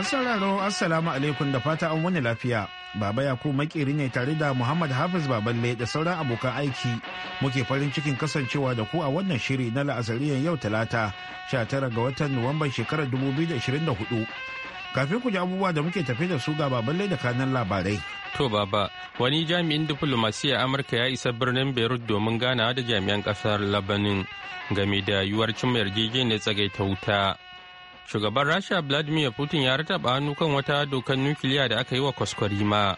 Masu sauraro Assalamu alaikum da fata an wani lafiya. Baba ku makeri ne tare da Muhammad Hafiz Baballe da sauran abokan aiki muke farin cikin kasancewa da ku a wannan shiri na la'asariyar yau talata 19 ga watan Nuwamban shekarar 2024. Kafin ku ji abubuwa da muke tafe da su ga Baballe da kanan labarai. To baba, wani jami'in diflomasiyya Amurka ya isa birnin Beirut domin ganawa da jami'an kasar Labanin game da yuwar cimma yarjejeniyar tsagaita wuta. shugaban rasha vladimir putin ya rataba hannu kan wata dokar nukiliya da aka yi wa kwaskwarima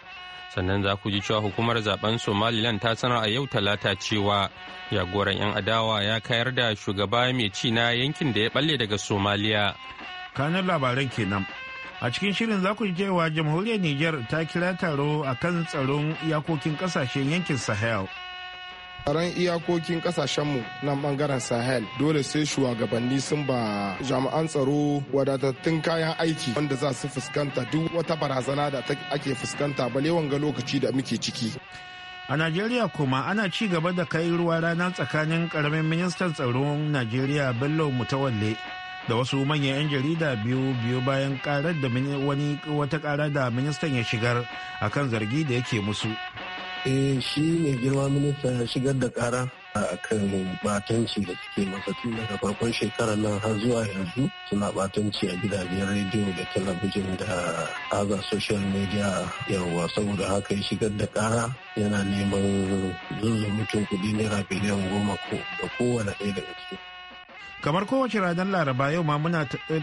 sannan za ku ji cewa hukumar zaben somaliland ta sanar a yau talata cewa jagoran 'yan adawa ya kayar da shugaba mai ci na yankin da ya balle daga somaliya kanan labaran kenan a cikin shirin za ku ji cewa jamhuriyar niger ta kira taro a kan tsaron yakokin kasashen yankin sahel tsaron iyakokin kasashenmu na bangaren Sahel dole sai shugabanni sun ba jami'an tsaro wadatattun kayan aiki wanda za su fuskanta duk wata barazana da ake fuskanta bale wanga lokaci da muke ciki. A Najeriya kuma ana ci gaba da kai ruwa rana tsakanin karamin ministan tsaron Najeriya Bello Mutawalle da wasu manyan 'yan jarida biyu biyu bayan karar da wani wata karar da ministan ya shigar akan zargi da yake musu. eh shi ne girma minista ya shigar da kara a kan batanci da suke masa tun daga farkon shekarar nan har zuwa yanzu suna batanci a gidajen rediyo da talabijin da haza social media yawa saboda haka ya shigar da kara yana neman mutum kuɗi naira biliyan goma da kowane ɗaya daga cikin kamar kowace ranar laraba yau ma muna eh,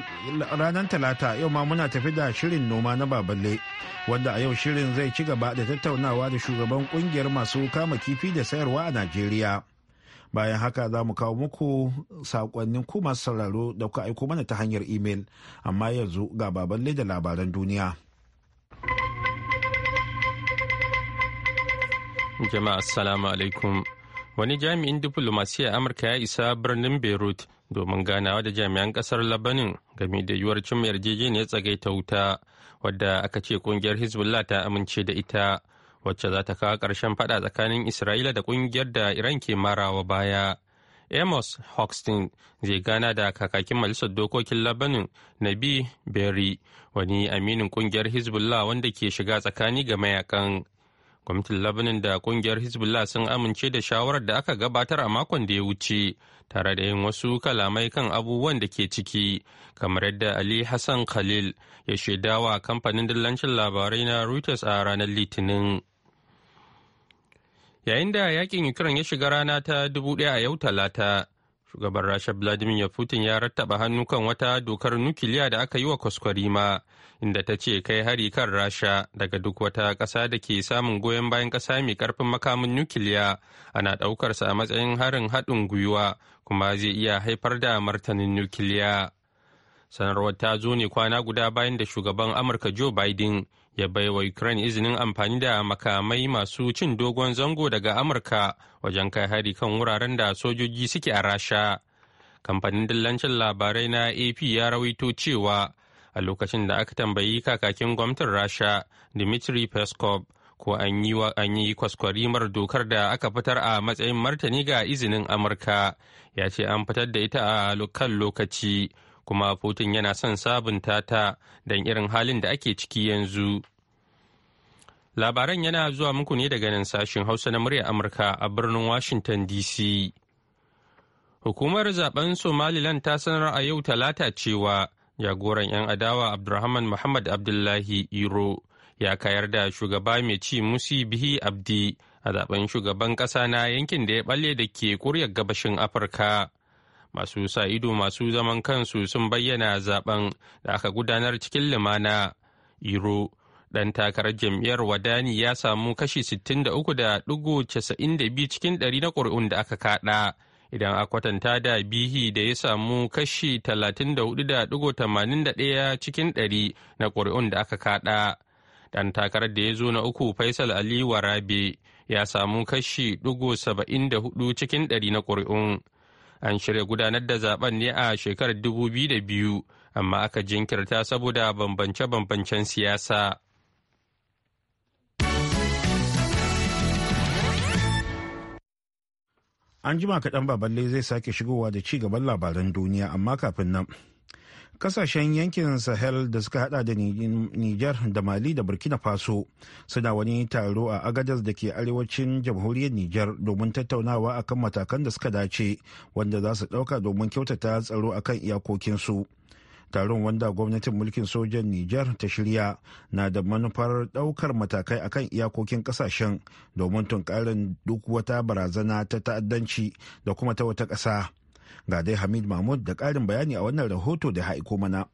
ranar talata yau ma muna tafi da shirin noma na baballe wanda a yau shirin zai ci gaba da tattaunawa da shugaban kungiyar masu kama kifi da sayarwa a najeriya bayan haka za mu kawo muku sakonnin kuma masu sauraro da kuka aiko mana ta hanyar imel amma yanzu ga baballe da labaran duniya jama'a assalamu alaikum wani jami'in diflomasiyyar amurka ya isa birnin beirut domin ganawa da jami'an kasar labanin game da yiwuwar cimma yarjejeniyar tsagaita wuta wadda aka ce kungiyar hezbollah ta amince da ita wacce za ta kawo ƙarshen fada tsakanin isra'ila da kungiyar da iran ke marawa baya amos hoxton zai gana da kakakin majalisar dokokin labanin nabi berry wani aminin kungiyar hezbollah wanda ke shiga tsakani ga mayakan Kwamitin Labanin da kungiyar Hezbollah sun amince da shawarar da aka gabatar a makon da ya wuce, tare da yin wasu kalamai kan abubuwan da ke ciki, kamar yadda Ali Hassan Khalil ya shaidawa kamfanin dillancin labarai na Reuters a ranar Litinin. Yayin da yakin Ukraine ya shiga rana ta dubu ɗaya a yau Talata, shugaban rasha vladimir putin ya rattaba hannu kan wata dokar nukiliya da aka yi wa kwaskwarima inda ta ce kai hari kan rasha daga duk wata ƙasa da ke samun goyon bayan ƙasa mai ƙarfin makamin nukiliya ana ɗaukarsa a matsayin harin haɗin gwiwa kuma zai iya haifar da martanin nukiliya sanarwar ta zo ne kwana guda bayan da shugaban amurka joe biden ya wa ukraine izinin amfani da makamai masu cin dogon zango daga amurka wajen kai hari kan wuraren da sojoji suke a rasha kamfanin dillancin labarai na ap ya rawaito cewa a lokacin da aka tambayi kakakin gwamnatin rasha dmitry peskov ko an yi kwaskwarimar dokar da aka fitar a matsayin martani ga izinin amurka ya ce an fitar da ita a kan lokaci kuma putin yana son sabunta ta don irin halin da ake ciki yanzu labaran yana zuwa muku ne daga nan sashen hausa na murya amurka a birnin washington dc hukumar zaben somaliland ta sanar a yau talata cewa jagoran 'yan adawa abdulrahman muhammad abdullahi iro ya kayar da shugaba mai ci musi bihi abdi a zaben shugaban ƙasa na yankin da ya balle da ke kuryar gabashin afirka masu sa ido masu zaman kansu sun bayyana zaben da aka gudanar cikin limana iro ɗan takarar jam'iyyar wadani ya samu kashi 63.92 cikin 100 na ƙuri'un da aka kaɗa idan a kwatanta da bihi da ya samu kashi 34.81 cikin 100 na ƙuri'un da aka kaɗa ɗan takarar da ya zo na uku faisal ali warabe ya samu kashi 74 cikin 100 na ƙuri'un an shirya gudanar da zaben ne a shekarar da biyu amma aka jinkirta saboda bambance-bambancen siyasa. An jima kaɗan baballe zai sake shigowa da ci gaban labaran duniya amma kafin nan kasashen yankin sahel da suka hada da niger da mali da burkina faso suna wani taro a agadas da ke arewacin jamhuriyar niger domin tattaunawa akan matakan da suka dace wanda za su dauka domin kyautata tsaro akan iyakokinsu taron wanda gwamnatin mulkin sojan niger ta shirya na da manufar daukar matakai akan iyakokin kasashen domin tunkarin duk wata barazana ta ta'addanci da kuma ta wata ƙasa. Ga dai Hamid Mahmud da ƙarin bayani a wannan rahoto da haiko mana.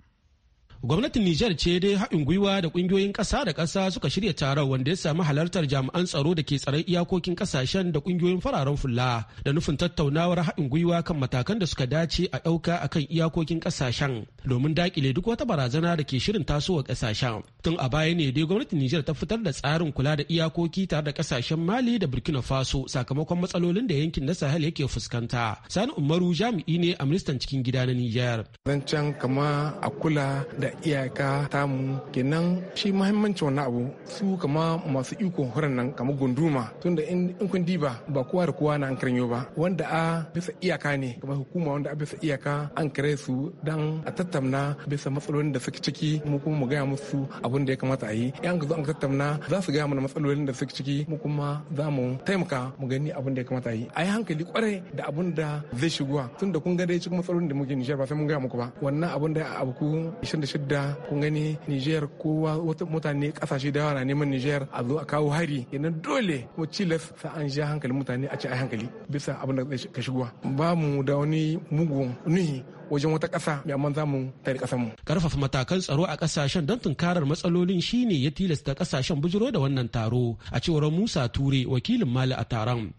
Gwamnatin Nijar ce dai haɗin gwiwa da ƙungiyoyin ƙasa da ƙasa suka shirya taron wanda ya sami halartar jami'an tsaro da ke tsaron iyakokin ƙasashen da ƙungiyoyin fararen fulla da nufin tattaunawar haɗin gwiwa kan matakan da suka dace a ɗauka a kan iyakokin ƙasashen domin daƙile duk wata barazana da ke shirin tasowa ƙasashen. Tun a baya ne dai gwamnatin Nijar ta fitar da tsarin kula da iyakoki tare da ƙasashen Mali da Burkina Faso sakamakon matsalolin da yankin na Sahel yake fuskanta. Sani Umaru jami'i ne a ministan cikin gida na Nijar. Zancen kama a kula da iyaka tamu kenan shi muhimmancin wannan abu su kama masu iko horon nan kama gunduma tunda in kun diba ba kowa da kowa na an karanyo ba wanda a bisa iyaka ne kama hukuma wanda a bisa iyaka an kare su dan a tattamna bisa matsalolin da suke ciki mu kuma mu gaya musu abin da ya kamata a yi yan ka zo an tattamna za su gaya mana matsalolin da suke ciki mu kuma za mu taimaka mu gani abin da ya kamata a yi a yi hankali kwarai da abin da zai shigowa tunda kun ga dai cikin matsalolin da muke nishar ba sai mun gaya muku ba wannan abin da abu ku 26 shida kun gani Niger kowa wata mutane kasashe da yawa na neman Niger a zo a kawo hari idan dole kuma cilas sa an sha hankalin mutane a ci a hankali bisa abin da ka shigowa ba mu da wani mugun nuhi wajen wata ƙasa mai amman zamu tare ƙasar mu karfafa matakan tsaro a ƙasashen don tunkarar matsalolin shine ya tilasta ƙasashen bujiro da wannan taro a cewar Musa Ture wakilin Mali a taron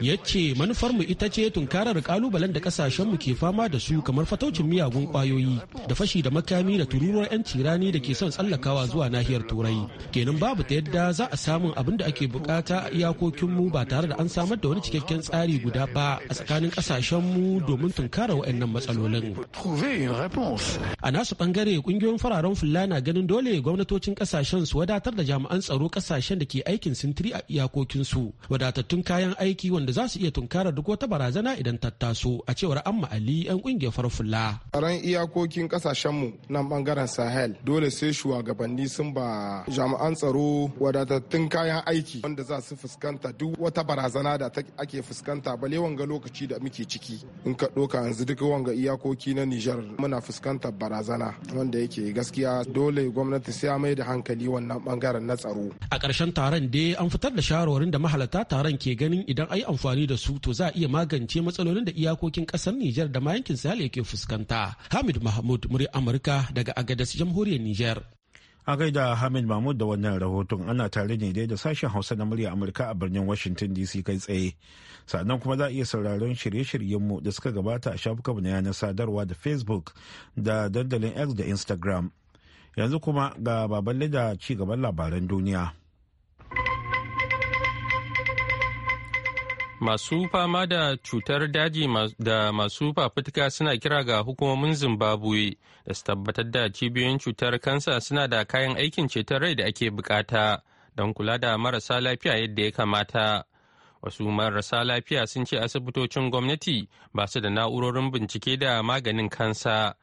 ya ce manufar mu ita ce tunkarar kalubalen da ƙasashen mu ke fama da su kamar fataucin miyagun ƙwayoyi da fashi da makami da tururuwar 'yan cirani da ke son tsallakawa zuwa nahiyar turai kenan babu ta yadda za a samun abin da ake buƙata a iyakokinmu ba tare da an samar da wani cikakken tsari guda ba a tsakanin mu domin tunkarar waɗannan matsalolin. A nasu bangare kungiyoyin fararen fulla na ganin dole gwamnatocin kasashen su wadatar da jami'an tsaro kasashen da ke aikin sintiri a iyakokin su wadatattun kayan aiki wanda za su iya tunkarar duk wata barazana idan ta taso a cewar amma ali yan kungiyar farar fulla. Tsaron iyakokin mu nan bangaren Sahel dole sai shugabanni sun ba jami'an tsaro wadatattun kayan aiki wanda za su fuskanta duk wata barazana da ake fuskanta balewan ga lokaci da muke ciki in ka ɗauka yanzu duk wanga iyakoki na Nijar muna fuskantar barazana wanda yake gaskiya dole gwamnati sai mai da hankali wannan bangaren na tsaro. A ƙarshen taron dai an fitar da shawarwarin da mahalarta taron ke ganin idan ai amfani da su to za a iya magance matsalolin da iyakokin ƙasar Nijar da ma yankin Sahel yake fuskanta. Hamid Mahmud, murya Amurka daga Agadas, Jamhuriyar Nijar. A gaida Hamid Mahmud da wannan rahoton ana tare ne dai da sashen Hausa na murya Amurka a birnin Washington DC kai tsaye. Sannan kuma za a iya sauraron shirye-shiryenmu da suka gabata a shafukan na yanar sadarwa da Facebook da dandalin X da Instagram. Yanzu kuma ga baballe da ci gaban labaran duniya. masu fama da cutar daji da masu fafutuka suna kira ga hukumomin zimbabwe da su tabbatar da cibiyoyin cutar kansa suna da kayan aikin ceton rai da ake bukata don kula da marasa lafiya yadda ya kamata wasu marasa lafiya sun ce asibitocin gwamnati ba su da na'urorin bincike da maganin kansa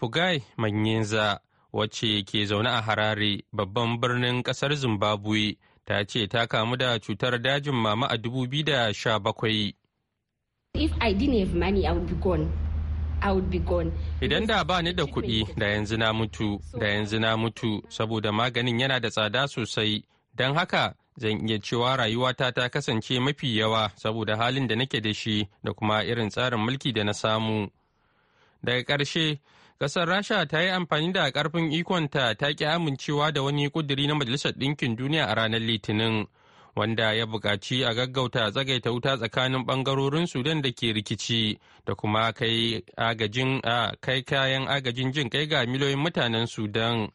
fugai manyenza wacce ke zaune a harare babban birnin kasar zimbabwe ta ce ta kamu da cutar dajin mama a dubu If da didn't bakwai. money, I would Idan da ba ni da kuɗi da yanzu na mutu, da yanzu na mutu, saboda maganin yana da tsada sosai, don haka zan iya cewa rayuwata ta kasance mafi yawa saboda halin da nake da shi da kuma irin tsarin mulki da na samu. Daga ƙarshe, Ƙasar Rasha ta yi amfani da ƙarfin ikonta ta ƙi amincewa da wani ƙuduri na Majalisar Ɗinkin Duniya a ranar Litinin, wanda ya buƙaci a gaggauta tsagaita wuta tsakanin ɓangarorin Sudan da ke rikici da kuma kai kayan agajin jin kai ga miliyoyin mutanen Sudan.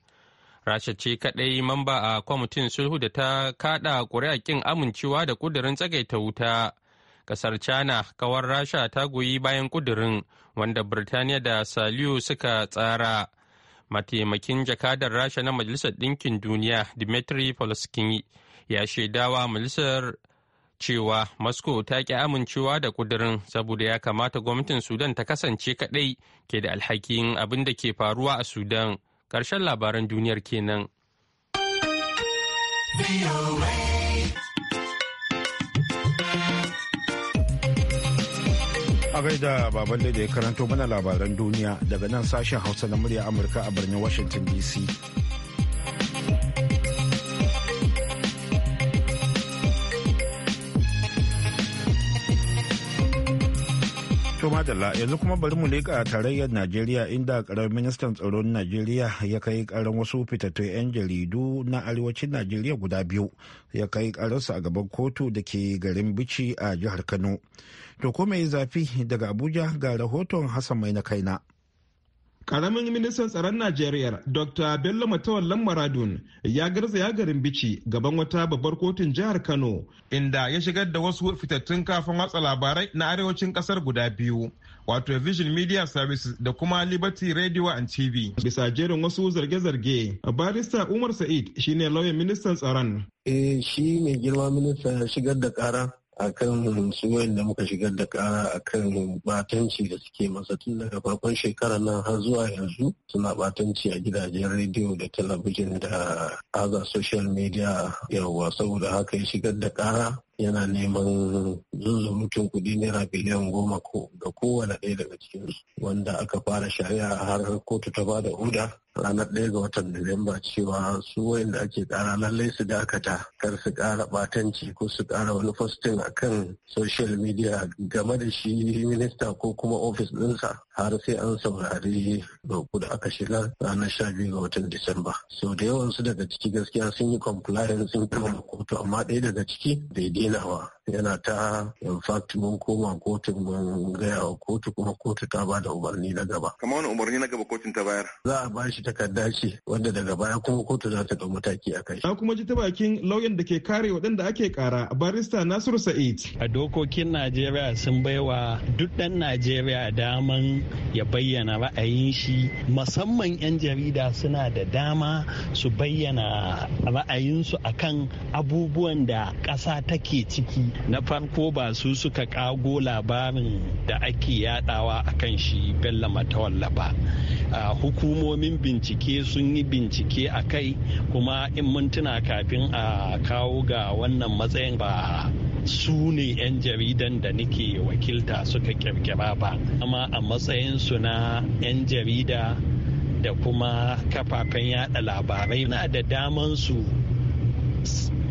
Rasha ce kaɗai mamba a kwamitin sulhu da ta kaɗa ƙuri'a ƙin amincewa da ƙudurin tsagaita wuta. kasar china kawar rasha ta goyi bayan kudirin wanda birtaniya da saliu suka tsara mataimakin jakadar rasha na majalisar ɗinkin duniya dmitry polskin ya shaidawa majalisar cewa moscow ta ki amincewa da kudirin saboda ya kamata gwamnatin sudan ta kasance kaɗai ke da alhakin abin da ke faruwa a sudan karshen labaran duniyar kenan. a gaida baban da ya karanto mana labaran duniya daga nan sashen hausa na murya amurka a birnin washington dc To madalla yanzu kuma bari mu leƙa tarayyar Najeriya inda ƙaramin ministan tsaron Najeriya ya kai ƙaran wasu fitattun 'yan jaridu na arewacin Najeriya guda biyu ya kai ƙararsu a gaban kotu da ke garin Bichi a jihar Kano. To ko mai zafi daga Abuja ga rahoton Hassan mai na kaina. Karamin ministan tsaron Najeriya Dr. Bello matawal Maradun ya garzaya garin Bici gaban wata babbar kotun jihar Kano inda ya shigar da wasu fitattun kafin watsa labarai na arewacin kasar guda biyu wato Vision Media Services da kuma Liberty Radio and TV. Bisa jerin wasu zarge-zarge, barista Umar Sa'id shine lauyan ministan tsaron. Eh shi mai girma ministan shigar da kara akan su da muka shigar da kara akan batanci da suke masa tun daga farkon shekarar nan har zuwa yanzu suna batanci a gidajen rediyo da talabijin da aza social media yawwa saboda haka ya shigar da kara yana neman zuzumutun kuɗi naira biliyan goma ga kowane ɗaya daga cikinsu wanda aka fara shari'a har kotu ta ba da huda ranar ɗaya ga watan Nuwamba cewa su wayanda ake ƙara lallai su dakata kar su ƙara ɓatanci ko su ƙara wani fostin a kan social media game da shi minista ko kuma ofis ɗinsa har sai an saurari roƙo da aka shiga ranar sha biyu ga watan Disamba. Sau da yawan su daga ciki gaskiya sun yi compliance sun kama kotu amma ɗaya daga ciki daidai inawa yana ta in fact mun koma kotun mun gaya wa kotu kuma kotu ta ba umarni na gaba. Kamar wani umarni na gaba kotun ta bayar? Za a bashi takarda shi wanda daga baya kuma kotu za ta ɗau mataki a kai. Na kuma ji ta bakin lauyan da ke kare waɗanda ake kara barista Nasiru Sa'id. A dokokin Najeriya sun bai wa duk ɗan Najeriya daman ya bayyana ra'ayin shi musamman 'yan jarida suna da dama su bayyana ra'ayinsu akan abubuwan da ƙasa take ake ciki na farko ba su suka kago labarin da ake yadawa kan shi bella matawalla ba hukumomin bincike sun yi bincike a kai kuma in mintuna kafin a kawo ga wannan matsayin ba su ne 'yan jaridan da nake wakilta suka kirkira ba amma a matsayinsu na 'yan jarida da kuma kafafen yada labarai na da daman su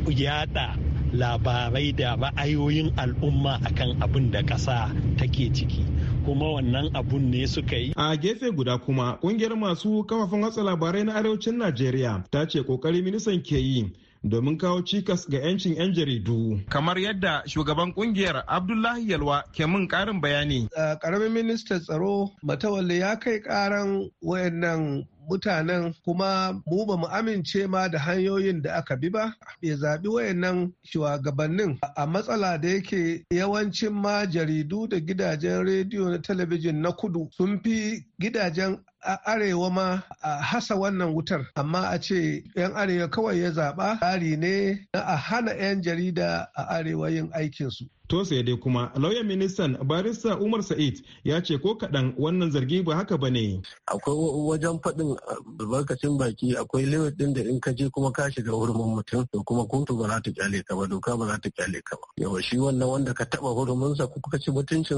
yada labarai da ra'ayoyin al'umma akan abin da ƙasa take ciki kuma wannan abun ne suka yi. A gefe guda kuma kungiyar masu kafafen watsa labarai na arewacin Najeriya ta ce kokari ministan ke yi domin kawo cikas ga 'yancin 'yan jaridu. Kamar yadda shugaban kungiyar Abdullahi Yalwa ke mun karin bayani. Karamin ministan tsaro Matawalle ya kai karan wayannan mutanen kuma mu ba mu amince ma da hanyoyin da aka bi ba ya zaɓi wayannan shugabannin a matsala da yake yawancin ma jaridu da gidajen rediyo na talabijin na kudu sun fi gidajen a arewa ma a hasa wannan wutar amma a ce 'yan arewa kawai ya zaɓa tsari ne na a hana 'yan jarida a arewa yin aikinsu To sai dai kuma lauyan ministan barista Umar Sa'id ya ce ko kaɗan wannan zargi ba haka ba ne. Akwai wajen faɗin ah, albarkacin baki akwai limit ɗin da in ka je kuma ka shiga hurumin mutum to kuma kotu ba za ta kyale ka ba doka ba za ta kyale ka ba. Yawa shi wannan wanda ka taɓa huruminsa ko ka ci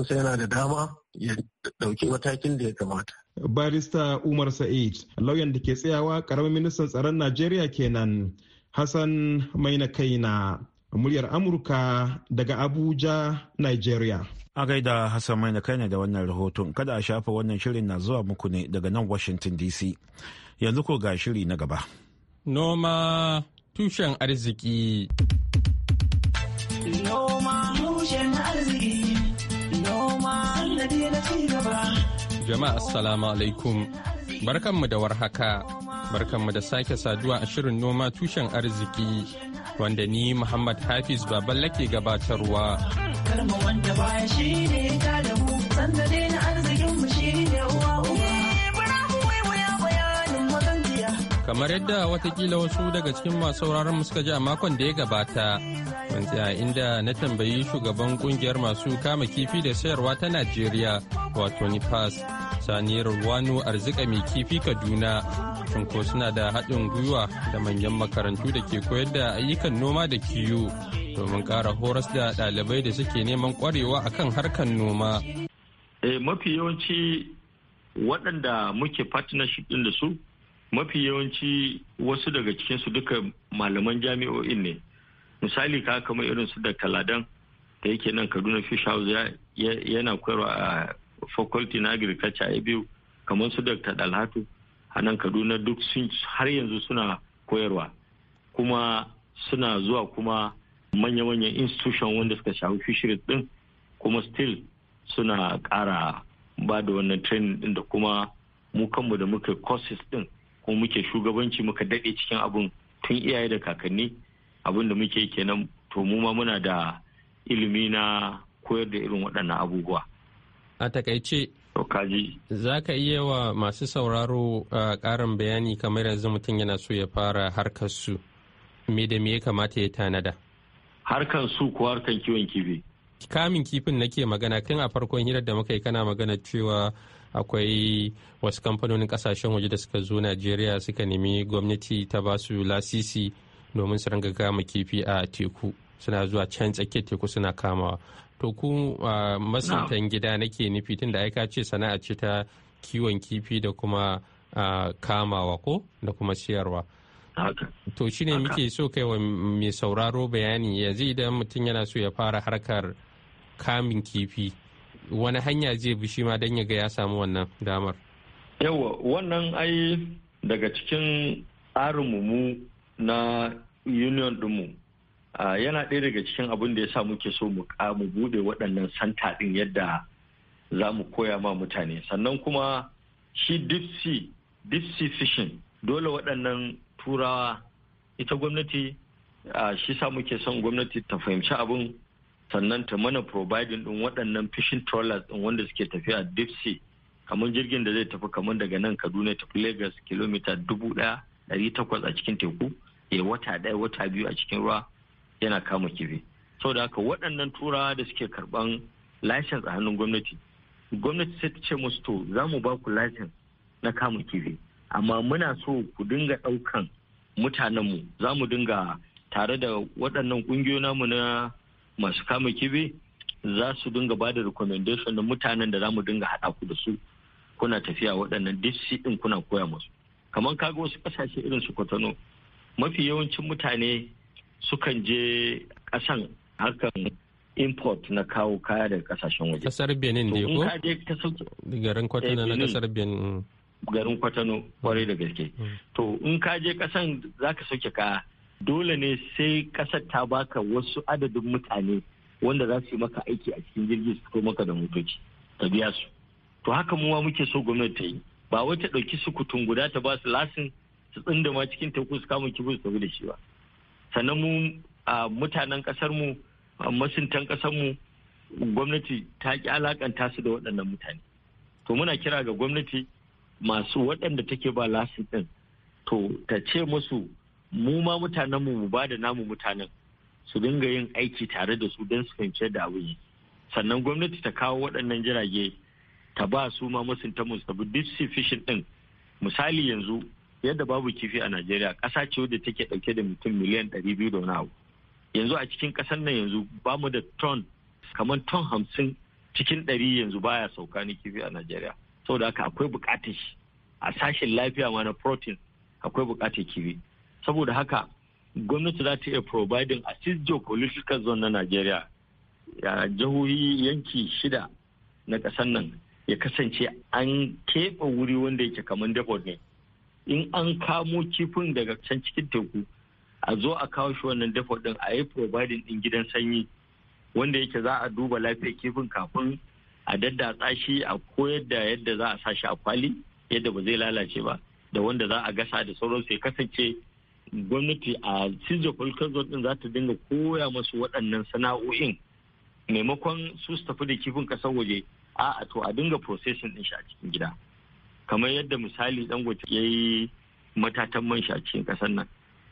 sa yana da dama ya ɗauki matakin da ya kamata. Barista Umar Sa'id lauyan da ke tsayawa ƙaramin ministan tsaron Najeriya kenan Hassan Maina Kaina. muryar Amurka daga Abuja, Nigeria. A gaida Hassan mai kai ne da wannan rahoton kada a shafa wannan shirin na zuwa muku ne daga nan Washington DC. Yanzu ko ga shiri na gaba. Noma tushen arziki. Jama'a assalamu alaikum. Barkanmu da warhaka. barkanmu da sake saduwa a shirin noma tushen arziki wanda ni Muhammad Hafiz baban lake gabatarwa. kamar yadda watakila wasu daga cikin masu sauraron suka ji a makon da ya gabata a inda na tambayi shugaban kungiyar masu kama kifi da sayarwa ta najeriya wato nipas saniyar wano arzika mai kifi kaduna cinko suna da haɗin gwiwa da manyan makarantu da ke koyar da ayyukan noma da kiyo domin ƙara horas da ɗalibai da suke neman ƙwarewa akan harkar noma eh, mafi yawanci waɗanda muke partnership ɗin da su mafi yawanci wasu daga cikinsu duka malaman jami'o'in ne misali ka kama irin su da kaladan da yake nan kaduna fish house yana koyarwa a faculty na agriculture a biyu kamar su dr dalhatu a nan kaduna duk sun har yanzu suna koyarwa kuma suna zuwa kuma manya-manyan institution wanda suka shafi fisheries din kuma still suna kara ba da wannan training din da kuma mu kanmu da muka courses din kuma muke shugabanci muka daɗe cikin abin tun iyaye da kakanni abin da muke kenan to mu ma muna da ilimi na koyar da irin waɗannan abubuwa a takaice za ka iya wa masu sauraro a karin bayani kamar yanzu mutum yana so ya fara harkar su me da me ya kamata ya tanada harkar su ko harkar kiwon kifi kamin kifin nake magana tun a farkon hirar da muka yi kana magana cewa akwai wasu kamfanonin kasashen waje da suka zo najeriya suka nemi gwamnati ta ba su lasisi domin su ranga kama kifi a teku suna zuwa can tsakiyar teku suna kamawa to ku masuntan gida nake nufi tun da aika ce sana'a ce ta kiwon kifi da kuma kamawa ko da kuma siyarwa to shine muke so kai wa mai sauraro bayani yanzu idan mutum yana so ya fara harkar kamin kifi wani hanya zai bi shi ma don ya ga ya samu wannan damar yawa wannan ai daga cikin tsarin mu na union ɗinmu Ah, yana ɗaya daga cikin abin da ya sa muke so mu mu bude waɗannan santa ɗin yadda za mu koya ma mutane sannan kuma shi deep sea deep sea fishing dole waɗannan turawa ita gwamnati ah, shi sa muke son gwamnati ta fahimci abin sannan ta mana providing ɗin waɗannan fishing trawlers ɗin wanda suke tafiya deep sea kamar jirgin da zai tafi kamar daga nan kaduna tafi lagos kilomita dubu ɗaya ɗari takwas a cikin teku ya wata ɗaya wata biyu a cikin ruwa yana kama kifi saboda haka waɗannan turawa da suke karɓan license a hannun gwamnati gwamnati sai ta ce musu to za mu ba ku license na kama kifi amma muna so ku dinga ɗaukan mutanenmu za mu dinga tare da waɗannan ƙungiyoyi namu na masu kama kifi za su dinga ba da recommendation na mutanen da za mu dinga haɗa ku da su kuna tafiya waɗannan disci ɗin kuna koya musu kamar kaga wasu ƙasashe irin su kwatano mafi yawancin mutane sukan je kasan harkan import na kawo kaya daga kasashen waje. Kasar Benin ne ko? Garin Kwatano eh, na kasar Benin. Garin Kwatano kwarai da gaske. Mm. To in ka je kasan za ka soke ka. dole ne sai kasar ta baka wasu adadin mutane wanda za su yi maka aiki a cikin jirgi su ko maka da motoci ta biya su. To haka muwa muke so gwamnati ta yi. Ba wata ɗauki sukutun guda ta ba su lasin su ma cikin teku su kama kibu su tafi da shi ba. sannan mu mutanen kasar mu masuntan kasar mu gwamnati ta ki alakanta su da waɗannan mutane to muna kira ga gwamnati masu waɗanda take ba lasin ɗin to ta ce musu mu ma mutanen mu mu ba da namu mutanen su dinga yin aiki tare da su don su fahimci da abu sannan gwamnati ta kawo waɗannan jirage ta ba su ma masuntanmu mu su tabi duk ɗin misali yanzu yadda babu kifi a Najeriya ƙasa ce wadda take ɗauke da mutum miliyan ɗari biyu da wani abu yanzu a cikin ƙasar nan yanzu ba mu da ton kamar ton hamsin cikin ɗari yanzu baya sauka ni kifi a Najeriya saboda haka akwai buƙatar shi a sashen lafiya ma na protein akwai buƙatar kifi saboda haka gwamnati za ta iya providing a six geopolitical zone na Najeriya jihohi yanki shida na ƙasar nan ya kasance an keɓe wuri wanda yake kamar depot ne in an kamo kifin daga can cikin teku a zo a kawo shi wannan dafa din a yi providing din gidan sanyi wanda yake za a duba lafiyar kifin kafin a daddatsa shi a koyar da yadda za a sa shi a kwali yadda ba zai lalace ba da wanda za a gasa da sauransu ya kasance gwamnati a cizofolkar din za ta dinga koya masu waɗannan sana'o'in maimakon su su tafi da kifin kasar waje a to a dinga processing din shi a cikin gida kamar yadda misali dangote ya yi matatan man shi a cikin ƙasar nan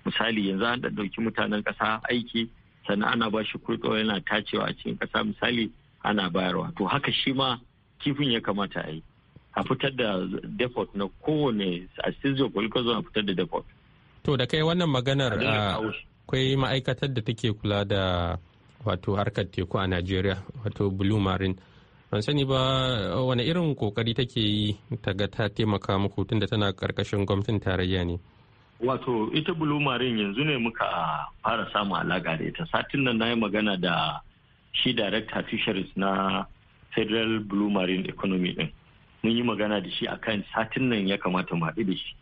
misali yanzu an ɗauki mutanen ƙasa aiki sannan ana ba shi kurɗo yana tacewa a cikin ƙasa misali ana bayarwa to haka shi ma kifin ya kamata a yi a fitar da depot na kowane a sizio zone a fitar da depot to da kai wannan maganar ah, akwai ma'aikatar da take kula da wato harkar teku a najeriya wato blue marine ban sani ba wani irin kokari take yi ta ga ta taimaka muku da tana karkashin gwamnatin tarayya ne wato ita bulumarin yanzu ne muka ah, fara samun alaka da ita satin nan na yi magana da shi director fisheries na federal blue marine economy din mun yi magana da shi akan satin nan ya kamata mu haɗu da shi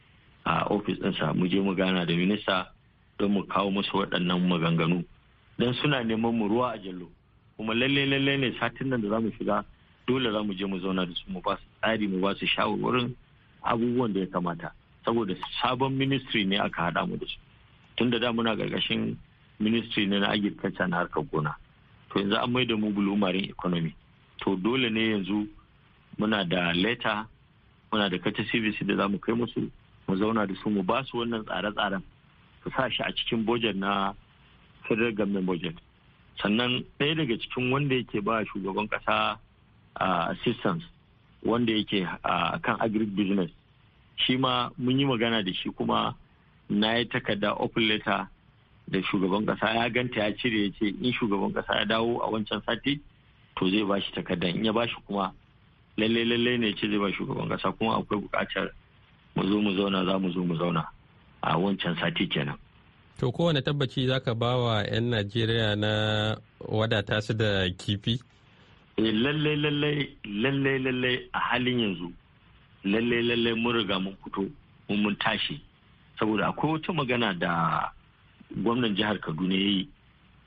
a ofis ɗinsa mu je mu gana da minista don mu kawo musu waɗannan maganganu don suna neman mu ruwa a jallo kuma lalle lalle ne satin nan da za mu shiga dole za mu je mu zauna da su mu ba su tsari mu ba su shawarwarin abubuwan da ya kamata saboda sabon ministry ne aka hada mu da su tun da muna gargashin ministry ne na agriculture na harkar gona to yanzu an mai da mu bulumarin economy to dole ne yanzu muna da leta muna da kata cvc da za mu kai musu mu zauna da su mu ba su wannan tsare-tsaren su sa shi a cikin budget na federal government budget sannan ɗaya daga cikin wanda yake ba shugaban ƙasa assistance wanda yake a kan agric business shi ma mun yi magana da shi kuma na yi takarda open letter da shugaban kasa ya ganta ya cire ya ce in shugaban kasa ya dawo a wancan sati to zai ba shi takarda in ya ba shi kuma lalle lalle ne ce zai ba shugaban kasa kuma akwai bukatar mu zo mu zauna za mu zo mu zauna a wancan sati kenan to kowane tabbaci zaka ba wa 'yan najeriya na wadata su da kifi Eh, lallai lallai lallai lallai a halin yanzu lallai lallai mun riga mun fito mun tashi saboda akwai wata magana da gwamnan jihar kaduna ya yi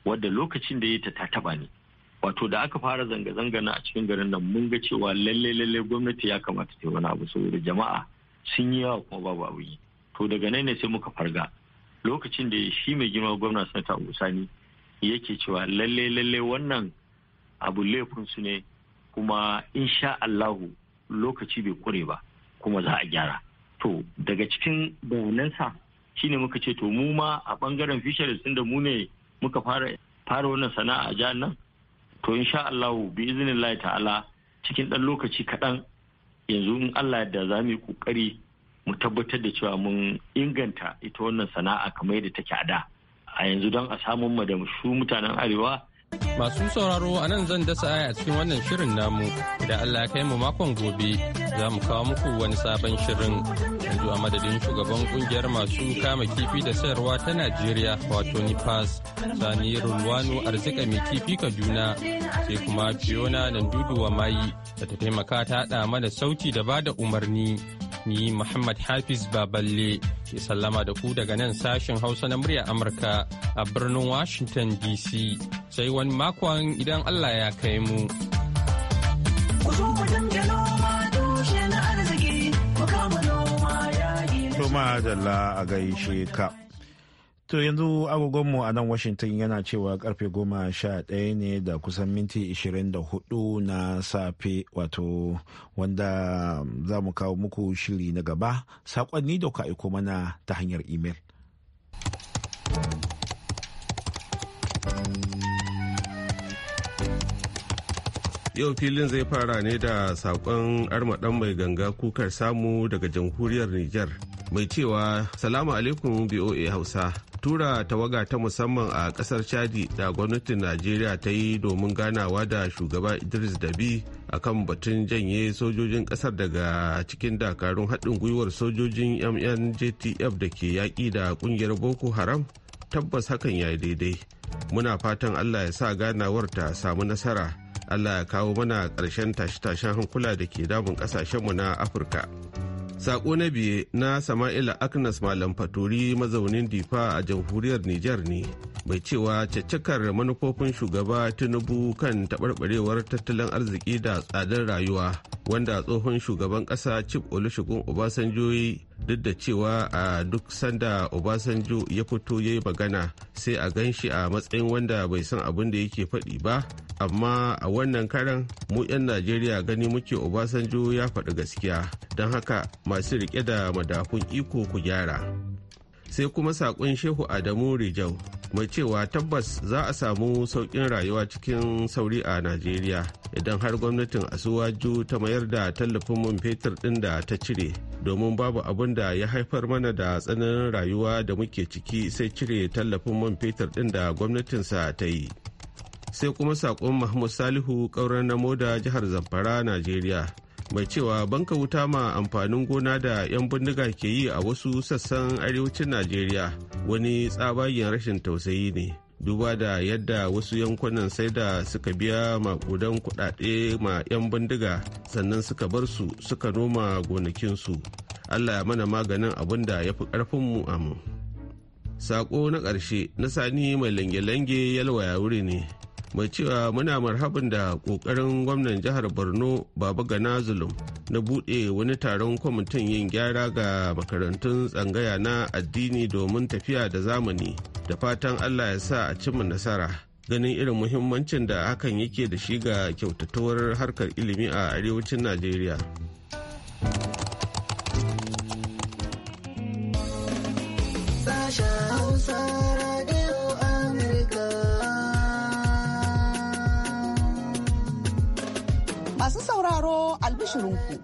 wadda lokacin da ya ta taba ne wato da aka fara zanga-zanga na a cikin garin nan mun ga cewa lallai lallai gwamnati ya kamata ta wani abu saboda jama'a sun yi yawa kuma babu abu yi to daga nan ne sai muka farga lokacin da shi mai girma gwamna sanata sani yake cewa lallai lallai wannan abu laifin su ne kuma insha Allahu lokaci bai kure ba kuma za a gyara to daga cikin bayanansa ne muka ce to mu ma a bangaren fisheries da mu ne muka fara fara wannan sana'a a jihar nan to insha Allahu bi iznillahi ta'ala cikin dan lokaci kaɗan yanzu in Allah da za mu yi kokari mu tabbatar da cewa mun inganta ita wannan sana'a kamar yadda take a da a yanzu don a samun mu da mutanen arewa Masu sauraro a nan zan dasa aya a cikin wannan shirin namu da Allah ya kai mu makon gobe za mu kawo muku wani sabon shirin yanzu a madadin shugaban kungiyar masu kama kifi da sayarwa ta Najeriya wato Nipas Sani Rulwano Arzika mai kifi Kaduna sai kuma Fiona Nandudu wa Mayi da ta taimaka ta haɗa mana sauti da bada umarni. ni Muhammad Hafiz Baballe ke sallama da ku daga nan sashen Hausa na murya Amurka a birnin Washington DC sai wani makon idan Allah ya kai mu. Toma Jalla a gaishe ka. To yanzu agogonmu a nan Washington yana cewa karfe goma sha ɗaya ne da kusan minti ishirin da na safe wato wanda za mu kawo muku shiri na gaba saƙonni da ka aiko mana ta hanyar imel. yau filin zai fara ne da sakon armadan mai ganga kukar samu daga jamhuriyar niger mai cewa salamu alaikum boa hausa tura tawaga ta musamman a ƙasar chadi da gwamnatin najeriya ta yi domin ganawa da shugaba idris dabi kan batun janye sojojin ƙasar. daga cikin dakarun haɗin gwiwar sojojin mnjtf da ke yaƙi da ƙungiyar boko haram tabbas hakan ya daidai muna fatan allah ya sa ganawar ta samu nasara allah ya kawo mana ƙarshen tashe-tashen hankula da ke damun ƙasashenmu na afirka sako na biye na sama'ila agnes malam Fatori, mazaunin difa a jamhuriyar nijar ne mai cewa caccakar manufofin shugaba tinubu kan taɓarɓarewar tattalin arziki da tsadar rayuwa wanda tsohon shugaban ƙasa cip olusegun obasanjo duk da cewa a duk sanda obasanjo ya fito ya yi magana sai a gan shi a matsayin wanda bai san abin da yake faɗi ba amma a wannan karan mu 'yan najeriya gani muke obasanjo ya faɗi gaskiya don haka masu rike da madafun iko ku gyara sai kuma saƙon shehu adamu rijau mai cewa tabbas za a samu sauƙin rayuwa cikin sauri a najeriya idan har gwamnatin asuwaju ta mayar da tallafin man fetur ɗin da ta cire domin babu abin da ya haifar mana da tsananin rayuwa da muke ciki sai cire tallafin man fetur din da gwamnatinsa ta yi sai kuma saƙon mahmud salihu ƙauren na moda jihar zamfara najeriya mai cewa banka wuta ma amfanin gona da 'yan bindiga ke yi a wasu sassan arewacin najeriya wani tsabagen rashin tausayi ne duba da yadda wasu yankunan sai da suka biya makudan kudade ma 'yan bindiga sannan suka bar su suka noma gonakinsu allah ya mana maganin abin da ya fi karfinmu mu sako na ƙarshe na sani mai lange-lange yalwaya wuri ne mai cewa muna marhabin da ƙoƙarin gwamnan jihar borno baba gana zulum na buɗe wani taron kwamitin yin gyara ga makarantun tsangaya na addini domin tafiya da zamani da fatan allah ya sa a cimma nasara ganin irin muhimmancin da hakan yake da shi ga kyautatawar harkar ilimi a arewacin najeriya masu sauraro albishirinku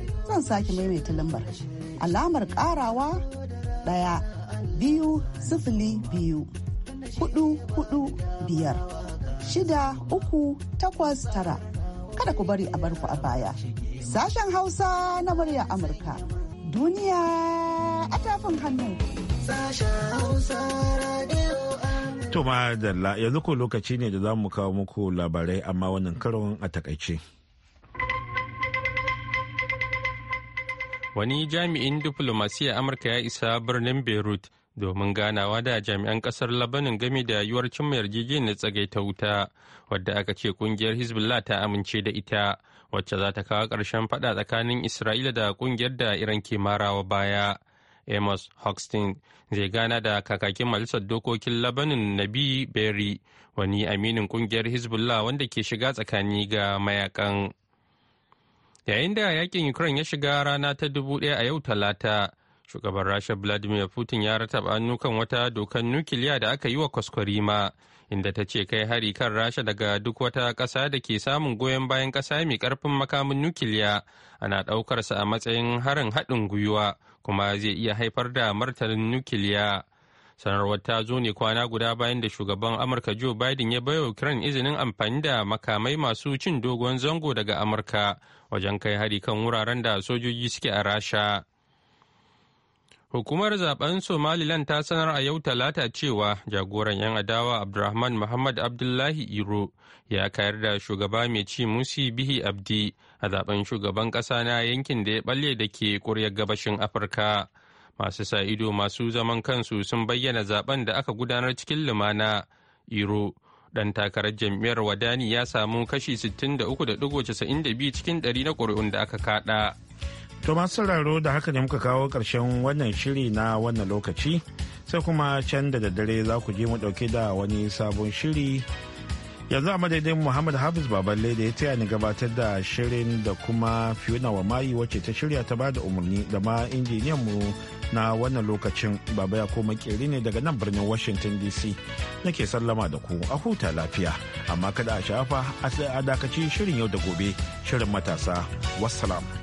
zan sake maimaita lambar alamar karawa ɗaya biyu sifili biyu hudu hudu biyar shida uku takwas tara kada ku bari a barku a baya sashen hausa na murya amurka duniya a tafin hannu To ma yanzu ko lokaci ne da za mu kawo muku labarai amma wannan karon a takaice. wani jami'in diflomasiyyar amurka ya isa birnin beirut domin ganawa da jami'an kasar labanin game da yiwuwar cimma yarjejeniyar tsagaita wuta wadda aka ce kungiyar hezbollah ta amince da ita wacce za ta kawo ƙarshen fada tsakanin isra'ila da kungiyar da iran ke marawa baya amos hoxton zai gana da kakakin majalisar dokokin labanin nabi berry wani aminin kungiyar hezbollah wanda ke shiga tsakani ga mayakan yayin da yakin ukraine ya shiga rana ta dubu ɗaya a yau talata shugaban rasha vladimir putin ya rataba nukan kan wata dokar nukiliya da aka yi wa kwaskwarima inda ta ce kai hari kan rasha daga duk wata ƙasa da ke samun goyon bayan ƙasa mai ƙarfin makamin nukiliya ana ɗaukarsa a matsayin harin haɗin gwiwa kuma zai iya haifar da martanin nukiliya sanarwar ta zo ne kwana guda bayan da shugaban amurka joe biden ya baiwa ukraine izinin amfani da makamai masu cin dogon zango daga amurka wajen kai hari kan wuraren da sojoji suke a rasha Hukumar zaben Somaliland ta sanar a yau talata cewa jagoran 'yan adawa Abdulrahman Muhammad Abdullahi Iro ya kayar da shugaba mai ci Musi Bihi Abdi a zaben shugaban kasa na yankin da ya balle da ke kuryar gabashin Afirka. masu sa ido masu zaman kansu sun bayyana zaben da aka gudanar cikin lumana iro dan takarar jam'iyyar wadani ya samu kashi 63.92 cikin 100 na ƙuri'un da aka kada to masu sauraro da haka ne muka kawo ƙarshen wannan shiri na wannan lokaci sai kuma can da daddare za ku je mu ɗauki da wani sabon shiri yanzu a madadin muhammad hafiz baballe da ya taya ni gabatar da shirin da kuma fiona wa mayi wacce ta shirya ta bada umarni da ma injiniyan mu na wannan lokacin baba ya koma keri ne daga nan birnin washington dc nake sallama da ku a huta lafiya amma kada a shafa a dakaci shirin yau da gobe shirin matasa wassalam